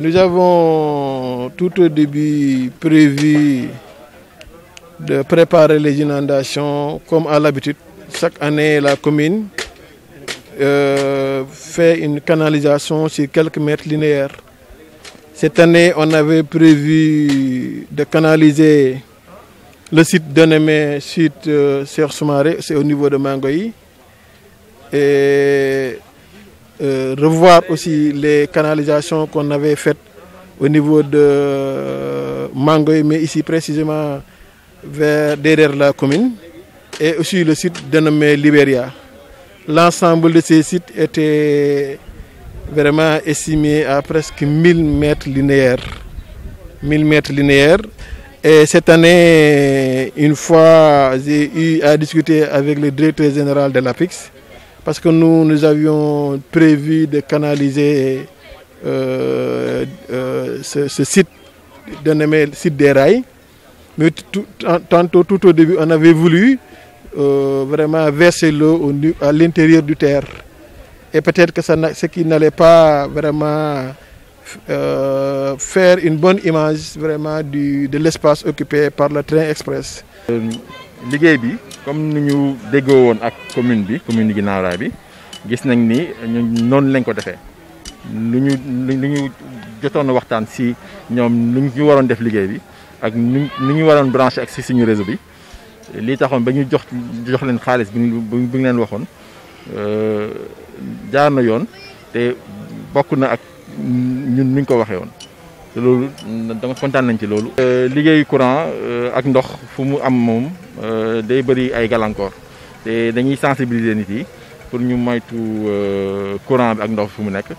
nous avons tout au début prévu de préparer les inondations comme à l'habitude. Chaque année, la commune euh, fait une canalisation sur quelques mètres linéaires. Cette année, on avait prévu de canaliser le site le site euh, Serre c'est au niveau de Mangoï. Et euh, revoir aussi les canalisations qu'on avait faites au niveau de euh, Mangoy, mais ici précisément vers, derrière la commune, et aussi le site dénommé Liberia. L'ensemble de ces sites était vraiment estimé à presque 1000 mètres linéaires. 1000 mètres linéaires. Et cette année, une fois, j'ai eu à discuter avec le directeur général de l'APIX parce que nous, nous avions prévu de canaliser euh, euh, ce, site, de nommer le site des rails. Mais tout, tantôt, tout au début, on avait voulu euh, vraiment verser l'eau à l'intérieur du terre. Et peut-être que ça, ce qui n'allait pas vraiment faire une bonne image vraiment de l'espace occupé par le train express. Euh, comme ni ñu déggoo woon ak commune bi commune Guinaw Rail bi gis nañ ni ñu noonu lañ ko defee lu ñu lu ñu jotoon waxtaan si ñoom lu ñu waroon def liggéey bi ak nu ñu waroon branché ak si suñu réseau bi lii taxoon ba ñu jox jox leen xaalis bi ñu bi leen waxoon euh, jaar na yoon te bokk na ak ñun ni ñu ko waxee woon. loolu dama kontaan nañ ci loolu. Euh, liggéey courant euh, ak ndox fu mu am moom euh, day bëri ay gàllankoor te dañuy sensibiliser nit yi pour ñu moytu courant bi ak ndox fu mu nekk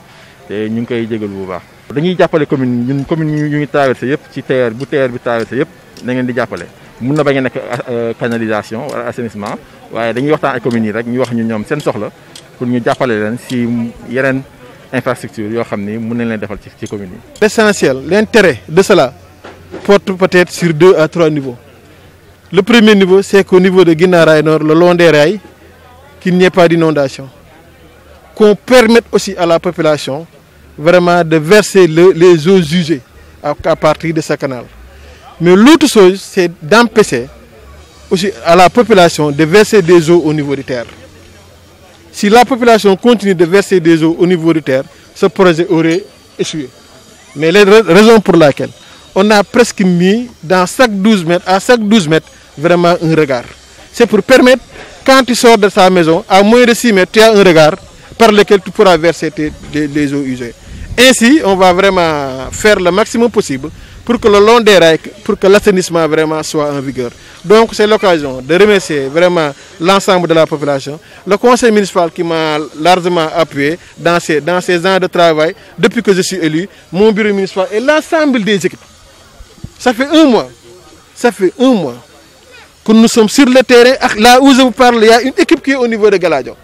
te ñu ngi koy jégalu bu baax. dañuy jàppale commune ñun commune ñu ngi traversé yëpp ci TER bu TER bi traversé yëpp na ngeen di jàppale mun na ba a nekk canalisation wala assainissement waaye dañuy waxtaan ak communes yi rek ñu wax ñu ñoom seen soxla pour ñu jàppale leen si yeneen. infrastructures l'intérêt de cela porte peut-être sur deux à trois niveaux le premier niveau c'est qu'au niveau de Guinaray Nord le long des rails qu'il n'y ait pas d'inondation qu'on permette aussi à la population vraiment de verser les eaux usées à, partir de ce canal mais l'autre chose c'est d'empêcher aussi à la population de verser des eaux au niveau des terres si la population continue de verser des eaux au niveau du terre, ce projet aurait échoué. Mais les raisons pour laquelle, on a presque mis dans chaque 12 mètres, à chaque 12 mètres, vraiment un regard. C'est pour permettre, quand tu sors de sa maison, à moins de 6 mètres, tu as un regard par lequel tu pourras verser tes, eaux usées. Ainsi, on va vraiment faire le maximum possible pour que le long des règles, pour que l'assainissement vraiment soit en vigueur. Donc c'est l'occasion de remercier vraiment l'ensemble de la population, le conseil municipal qui m'a largement appuyé dans ces, dans ces ans de travail, depuis que je suis élu, mon bureau municipal et l'ensemble des équipes. Ça fait un mois, ça fait un mois que nous sommes sur le terrain, là où je vous parle, il y a une équipe qui est au niveau de Galadio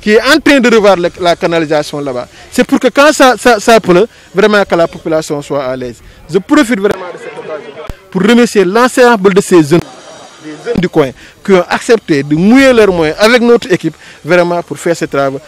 qui est en train de revoir la canalisation là-bas. C'est pour que quand ça, ça, ça pleut, vraiment que la population soit à l'aise. Je profite vraiment de cette occasion pour remercier l'ensemble de ces jeunes, jeunes du coin qui ont accepté de mouiller leurs moyens avec notre équipe vraiment pour faire ce travail.